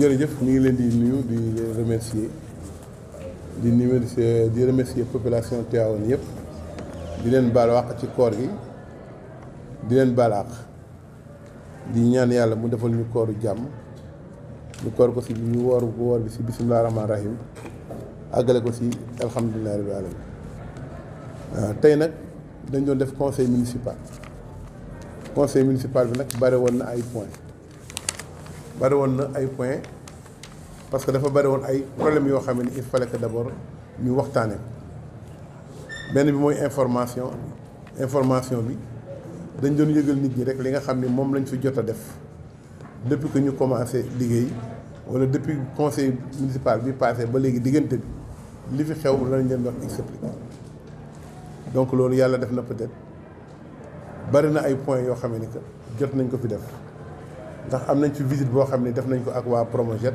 jërëjëf ñu ngi leen di nuyu di leen remercier di remercier di remercier population Tivaouane yëpp di leen baal wax ci koor gi di leen baalaax di ñaan yàlla mu defal ñu kooru jàmm ñu koor ko si ñu woor bu woor bi si bisimilah rahmaan rahim àggale ko si alhamdulilah rabbil alamin ah, tey nag dañ doon def conseil municipal conseil municipal bi nag bare woon na ay points bare woon na ay points parce que dafa bari woon ay problème yoo xam ne il fallait que d' abord ñu waxtaanee benn bi mooy information information bi dañ doon yëgal nit ñi rek li nga xam ne moom lañ fi jot a def depuis que ñu commencé liggéey wala depuis conseil municipal bi passé ba léegi diggante bi li fi xew lañ leen wax expliquer donc loolu yàlla def na peut-être bari na ay points yoo xam ne que jot nañ ko fi def ndax am nañ ci visite boo xam ne def nañ ko ak waa Promojet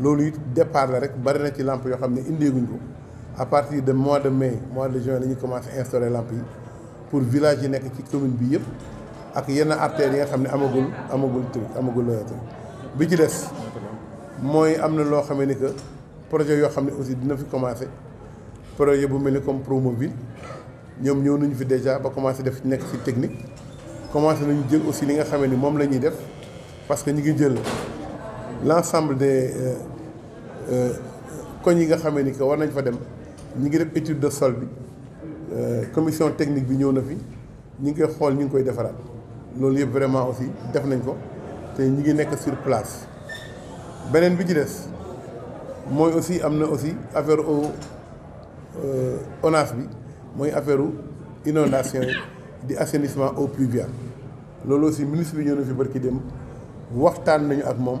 loolu it départ la rek bari na ci lamp yoo xam ne indeeguñ ko à partir de mois de mai mois de juin la ñu commencé installer lamp yi pour village yi nekk ci commune bi yëpp ak yenn artères yi nga xam ne amagul amagul truc amagul truc bi ci des mooy am na loo xam ni que projet yoo xam ne aussi dina fi commencé projet bu mel ni comme ville ñoom ñëw nañu fi déjà ba commencé def nekk ci technique commencé nañu jël aussi li nga xam ni moom la ñuy def parce que ñu ngi jël l'ensemble des euh, euh, koñ yi nga xamee ni que war nañ fa dem ñi ngi étude de sol bi euh, commission technique bi ñëw na fi ñi ngi koy xool ñu ngi vraiment aussi def nañ ko n'est ñi ngi sur place beneen bi ci des aussi am aussi affaire au ONAS bi mooy affaire inondation yi di assainissement eaux pluviales aussi ministre bi ñëw na fi barki dem waxtaan nañu ak mom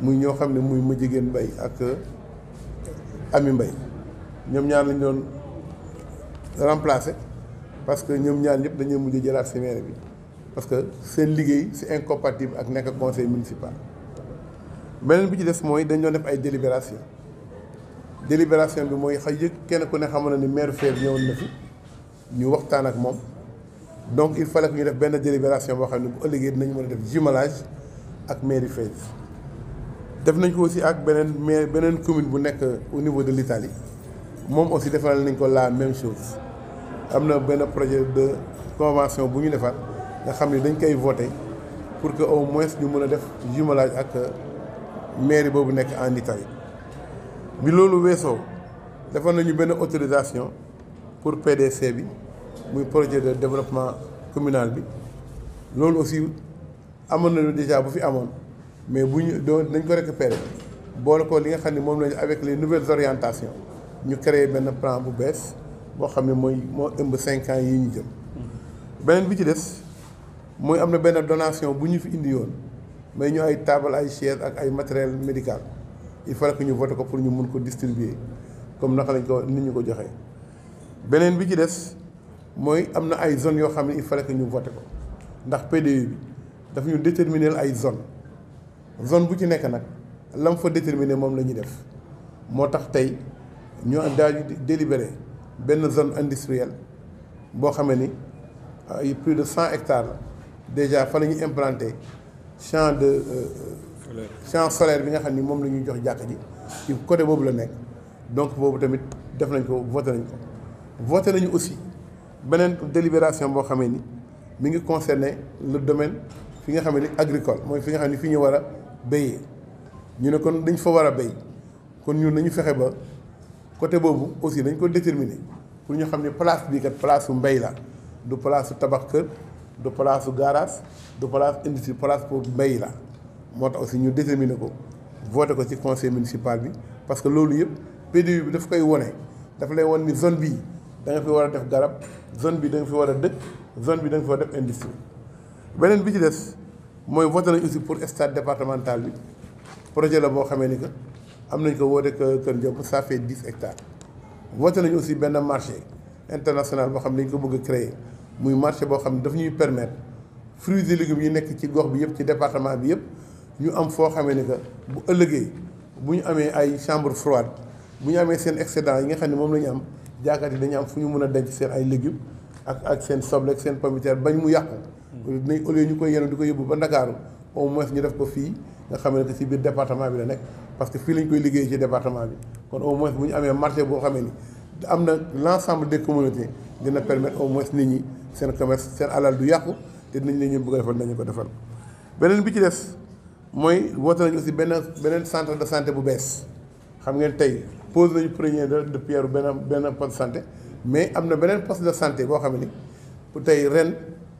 muy ñoo xam ne muy ma jigéen mbay ak euh, ami mbay ñoom ñaar lañ doon remplacer parce que ñoom ñaar ñëpp dañoo mujj jëlaat si maire bi parce que seen liggéey si incompatible ak nekk conseil municipal beneen bi ci des mooy dañ doon def ay délibération délibération bi mooy xa yëg kenn ku ne xamoon na ni maire Faye ñëwoon na fi ñu waxtaan ak moom donc il fallait que ñu def benn délibération boo xam ne bu ëllëgee dinañu mën a def jumelage ak mairie Faye def nañ ko aussi ak beneen mais commune bu au niveau de l'Italie moom aussi defal nañ ko la même chose avons fait un projet de convention bu ñu nous nga xam voter pour que au moins ñu mën a def jumelage ak mairie boobu nekk en Italie bi loolu weesoo defal nañu benn autorisation pour PDC bi projet de développement communal bi avons aussi amoon nañu déjà bu fi mais bu ñu doo nañ ko récupérer boole ko li nga xam ne moom lañu avec les nouvelles orientations ñu créer benn plan bu bees boo xam ne mooy moo ëmb cinq ans yi ñu jëm beneen bi ci des mooy am na benn donation bu ñu fi indi yoon mais ñu ay table ay chaise ak ay matériel médical il fallait que ñu voté ko pour ñu mun ko distribuer comme naka lañ ko nit ñu ko joxee beneen bi ci des mooy am na ay zones yoo xam ne il fallait que ñu voté ko ndax PDU bi daf ñu déterminer ay zones zone bu ci nekk nag lam fa déterminer moom la ñuy def moo tax tey ñu daal délibéré benn zone industrielle boo xamee ni ay plus de 100 hectares la déjà fa la ñuy implanté champ de euh, champ solaire bi nga xam ni moom la ñuy jox jàkk ji ci côté boobu la nekk donc boobu tamit def nañ ko voté nañ ko voté nañu aussi beneen délibération boo xamee ni mi ngi concerné le domaine fi nga xam ni agricole mooy fi nga xam ni fi ñu war a nous ñu ne kon dañ fa war a kon nañu ba aussi déterminer pour ñu place bii kat place place du place du place garage du place place pour voté ko ci conseil municipal bi parce que loolu PDU daf koy wone dafa lay zone bii fi def zone bi da fi war dëkk zone bi da nga def industrie bi mooy voté nañ aussi pour stade départemental bi projet la boo xamee ni que am nañ ko woote Kër Diop ça fait dix hectares voté nañ aussi benn marché international boo xam ne dañ ko bëgg a créer muy marché boo xam ne daf ñuy permettre fruits et légumes yi nekk ci gox bi yëpp ci département bi yëpp ñu am foo xamee ni que bu ëllëgee bu ñu amee ay chambre froide bu ñu amee seen excédent yi nga xam ne moom la ñu am jaakaar yi dañu am fu ñu mën a denc seen ay légumes ak ak seen soble ak seen pomme bañ mu yàqu nañ au lieu ñu koy yenu di ko yóbbu ba Ndakaaru au moins ñu def ko fii nga xamante ne si biir département bi la nekk parce que fii lañ koy liggéey ci département bi kon au moins bu ñu amee marché boo xamee ni am na l' ensemble des communautés dina permettre au moins nit ñi seen commerce seen alal du yàqu te nit ñi ñu bëgg a defal nañu ko defal. beneen bi ci des mooy woote nañu aussi benn beneen centre de santé bu bees xam ngeen tey pose nañu premier de pierre benn benn poste de santé mais am na beneen poste de santé boo xam ni tey ren.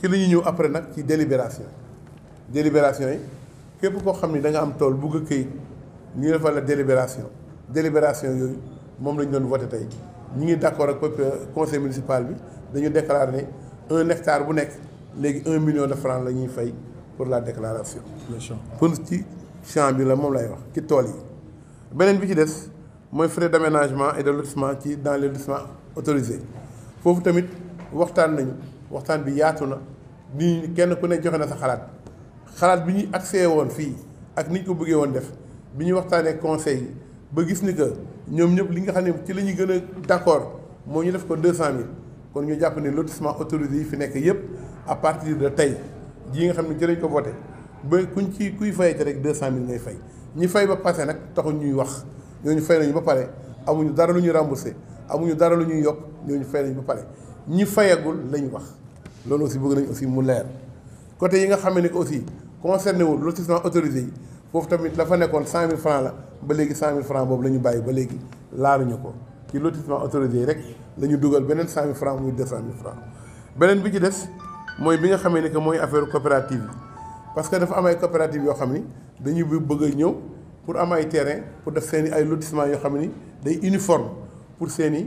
ci li ñu ñëw après nag ci délibération délibération yi képp koo xam ni da nga am tool bugg a këyit ñu defal la délibération délibération yooyu moom lañ ñu doon voté tey ñu ngi d' accord ak conseil municipal bi dañu déclarer ne un hectare bu nekk léegi un million de francs la ñuy fay pour la déclaration. pour ci champ bi la moom lay wax ci tool yi. beneen bi ci des mooy frais d' aménagement et de lotissement ci dans les lotissements autorisés foofu tamit waxtaan nañu. waxtaan bi yaatu na ni kenn ku ne joxe na sa xalaat xalaat bi ñuy accès woon fii ak ni ko bëggee woon def bi ñuy waxtaanee conseil ba gis ni que ñoom ñëpp li nga xam ne ci la ñu gën a d'accord moo ñu def ko deux cent mille kon ñu jàpp ne lotissement autorisé yi fi nekk yëpp à partir de tey jii nga xam ne ci lañ ko voté ba kuñ ci kuy fayati rek deux cent mille ngay fay ñi fay ba passé nag taxul ñuy wax ñooñu fay nañu ba pare amuñu dara lu ñuy remboursé dara lu ñuy yokk ñooñu fay nañu ba pare. Nous fayagul lañ wax loolu aussi bëgg nañ aussi mu leer côté yi nga aussi concerné wul lotissement autorisé yi foofu tamit la fa nekkoon cent francs la ba francs boobu la ñu ba léegi laaruñu ko ci lotissement autorisé rek la ñu dugal beneen francs muy deux francs bi des bi nga que affaire coopérative parce que dafa am coopérative yoo xam dañuy pour terrain pour def seen i ay pour seen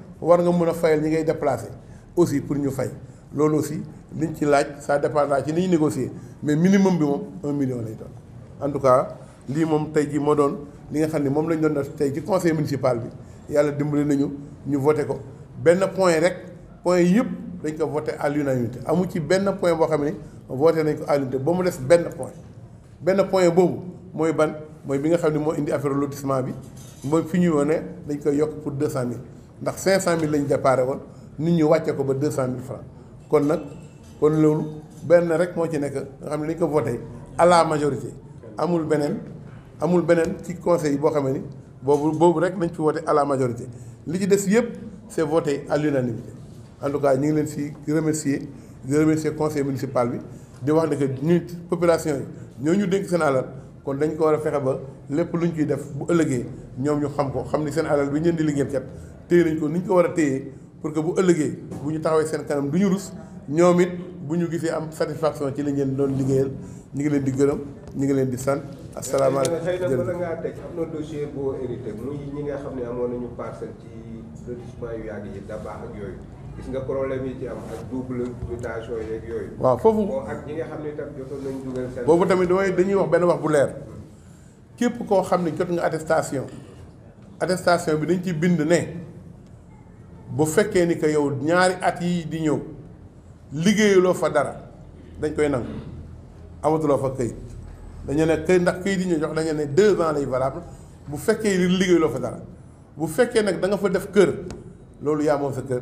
war nga mën a fayal ñi ngay déplacé aussi pour ñu fay loolu aussi liñ ci laaj saa dépendra ci ni ñu négocier mais minimum bi moom un million lay doon en tout cas lii moom tey ji moo doon li nga xam ne moom lañ doon def tey ci conseil municipal bi yàlla dimbali nañu ñu voté ko benn point rek point yëpp dañ ko voté à l'unanimité amu ci benn point boo xam ne voté nañ ko à ba mu des benn point benn point boobu mooy ban mooy bi nga xam ne moo indi affaire lotissement bi mooy fi ñu wone dañ koy yokk pour deux cent mille ndax 500000 lañ déparé woon nit ñu wàcce ko ba 200000 francs kon nag kon loolu benn rek moo ci nekk nga xam ne dañ ko voté à la majorité amul beneen amul beneen ci conseil boo xam ni boobu boobu rek nañ fi voté à la majorité li ci des yëpp c'est voté à l'unanimité en tout cas ñu ngi leen si remercier di remercier conseil municipal bi di wax ne que ñun population yi ñoo ñu dénk seen alal. kon dañ ko war a fexe ba lépp lu ñu ciy def bu ëllëgee ñoom ñu xam ko xam ni seen alal bi ñeen di liggéey kat téye nañ ko ni ñu ko war a téyee pour que bu ëllëgee bu ñu taxawee seen kanam du ñu rus ñoom it bu ñu gisee am satisfaction ci la ngeen doon liggéeyal ñu ngi leen di gërëm ñu ngi leen di sant. asalaamaaleykum xëy na bala teg am na dossier boo hérité muy ñi nga xam ne amoon nañu parcelle ci lotissement yu yàgg yi da ak yooyu. gis nga problème yi ci am ak yeeg yooyu. waaw foofu ak ñi nga xam ne tam jotoon nañu dugal seen. boobu tamit damay dañuy wax benn wax bu leer képp koo xam ne jot nga attestation attestation bi dañ ci bind ne bu fekkee ni que yow ñaari at yi di ñëw liggéeyuloo fa dara dañ koy nangu amatuloo fa këyit dañu ne këy ndax këyit yi ñu jox dañu ne deux ans lay valable bu fekkee liggéeyuloo fa dara bu fekkee nag da nga fa def kër loolu yaa moom sa kër.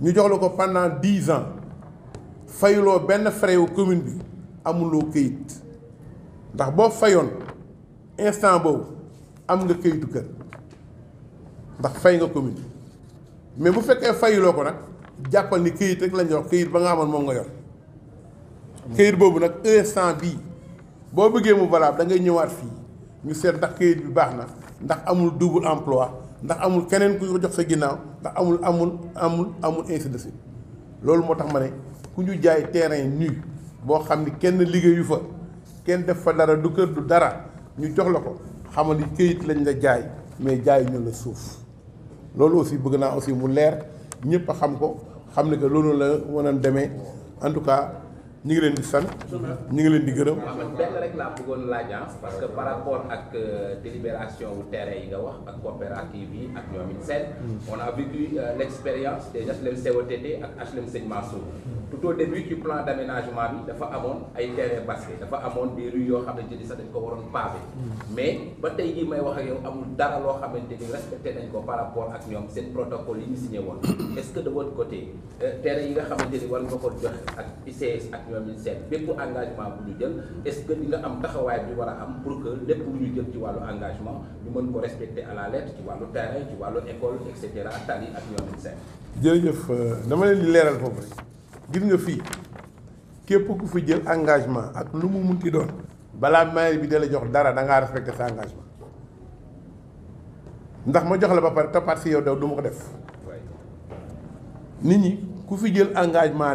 Nous avons ko pendant dix ans fayuloo benn frais wu commune bi amuloo këyit ndax boo instant am nga ndax commune mais bu fekkee fayuloo ko nag jàppal ni këyit rek lañ nous këyit ba nga moom nga yor këyit boobu nag instant bii boo bëggee mu valable da ngay ñëwaat fii ñu seet ndax këyit bi double emploi ndax amul keneen ku ko jox sa ginnaaw ndax amul amul amul amul ainsi de suite loolu moo tax ma ne ku ñu jaay terrain nu boo xam ni kenn liggéeyu fa kenn def fa dara du kër du dara ñu jox la ko xamal ni këyit lañ la jaay mais jaay ñu la suuf loolu aussi bëgg naa aussi mu leer ñëpp a xam ko xam ne que loolu la waroon demee en tout cas. ñu ngi leen di sant ñu ngi leen di gërëm. benn rek laa bëggoon laaj ah, parce que par rapport ak euh, délibération wu terrain yi nga wax ak coopérative yi ak ñoom it seen. Hmm. on a vécu euh, l' expérience des HLM COTT ak HLM Sëñ Mansour. tout au début d' aménagement bi dafa amoon ay terrain basket dafa amoon des yoo xamante ni sax dañ ko waroon pavé. Hmm. mais ba tey jii may wax ak yow amul dara loo xamante ni respecté nañ ko par rapport ak ñoom seen protocole yi ñu signé woon est que de votre côté euh, terrain yi nga xamante ni war nga ko joxe ak ICS ak. ñoom engagement est-ce que nga am taxawaay bi pour que ñu jël respecter à la lettre ci terrain ci wàllu école etc. cetera tali ak Je vous jërëjëf euh, dama leen di leeral nga képp ku jël engagement ak mu bi dala jox dara respecter engagement ndax vous jox la ba si yow daw du ko def nit ñi engagement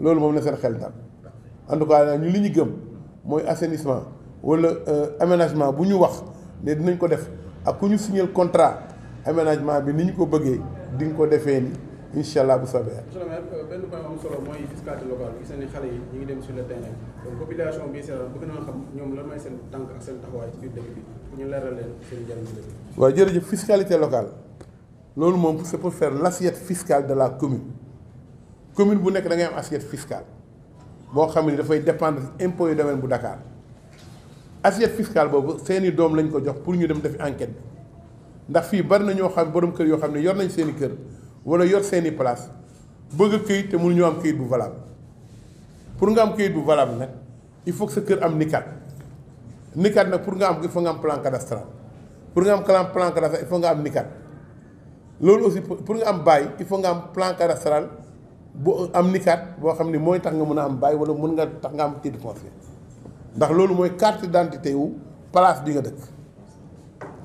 loolu moom na seen xel daal en tout cas ñu li ñu gëm mooy assainissement wala euh, aménagement bu ñu wax ne dinañ ko def ak ku ñu signer contrat aménagement bi ni ñu ko bëggee di ko defee ni incha allah bu soobee. monsieur le maire euh, benn point am solo mooy fiscalité locale gis nañu xale yi ñu ngi dem sur le terrain donc population bi si bëgg naa xam ñoom lan mooy seen tànk ak seen taxawaay ci biir dëkk bi pour ñu leeral leen seen njëriñ bi. waaw jërëjëf fiscalité locale loolu moom c'est pour faire l'assiette fiscale de la commune commune bu nekk da ngay am assiette fiscale boo xam ne dafay dépendre impôt yu domaine bu Dakar assiette fiscale boobu seeni doom lañ ko jox pour ñu dem def enquête bi ndax fii bari na ñoo xam borom kër yoo xam ne yor nañ seeni kër wala yor seeni place bëgg a këyit te mënuñoo am këyit bu valable pour nga am këyit bu valable nag il faut que sa kër am nikat nikat nag pour nga am il faut nga am plan cadastral pour nga am plan cadastral il faut nga am nikat loolu aussi pour nga am bail il faut nga am plan cadastral bu am nikat boo xam ne mooy tax nga mëna am bail wala mën nga tax nga am titre confiance ndax lolu moy carte d'identité wu place bi nga dëkk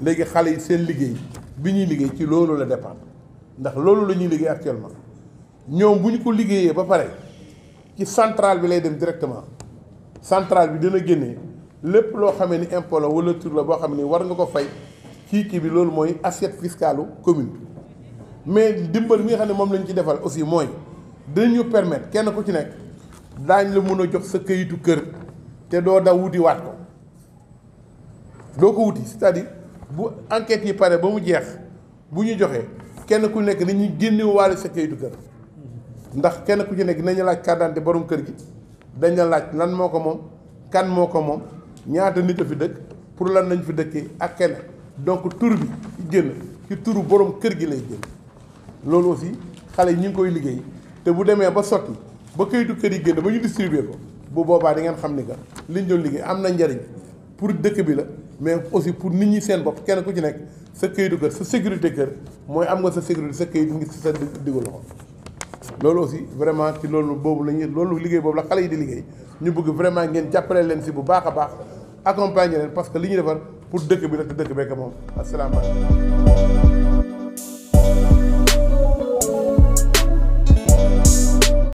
légui xalé sen seen liggéey bi ñuy liggéey ci lolu la dépendre ndax lolu la ñuy liggéey actuellement ñom buñ ko liggéeyee ba paré ci centrale bi lay dem directement centrale bi dina génnee lépp loo xamee ni impôt la wala tur la bo xamni war nga ko fay ki ki bi lolu moy assiette fiscale commune mais dimbal mi nga xam ne lañ ci défal aussi moy dañu permettre kenn ku ci nekk daañ la mun a jox sa këyitu kër te doo daw wuti waat ko doo ko wuti cest bu enquête yi pare ba mu jeex bu ñu joxee kenn ku nekk dañuy génne waale sa këyitu kër ndax kenn ku ci nekk nañu laaj carte boroom kër gi dañ la laaj lan moo ko moom kan moo ko moom ñaata nit a fi dëkk pour lan lañ fi dëkkee ak kenn donc tur bi génn ci turu borom kër gi lay génn loolu aussi xale yi ñu ngi koy liggéey. te bu demee ba sotti ba kayitu kër yi génn ba ñu distribuer ko bu boobaa di ngeen xam ni que liñ doon liggéey am na njariñ pour dëkk bi la mais aussi pour nit ñi seen bopp kenn ku ci nekk sa kayitu kër sa sécurité kër mooy am nga sa sécurité sa kayit ngi sa diggu loxo loolu aussi vraiment ci loolu boobu la ñuy loolu liggéey boobu la xale yi di liggéey ñu bëgg vraiment ngeen jàppale leen si bu baax a baax accompagner leen parce que li ñu defar pour dëkk bi la te dëkk bekk moom asalaamaaleykum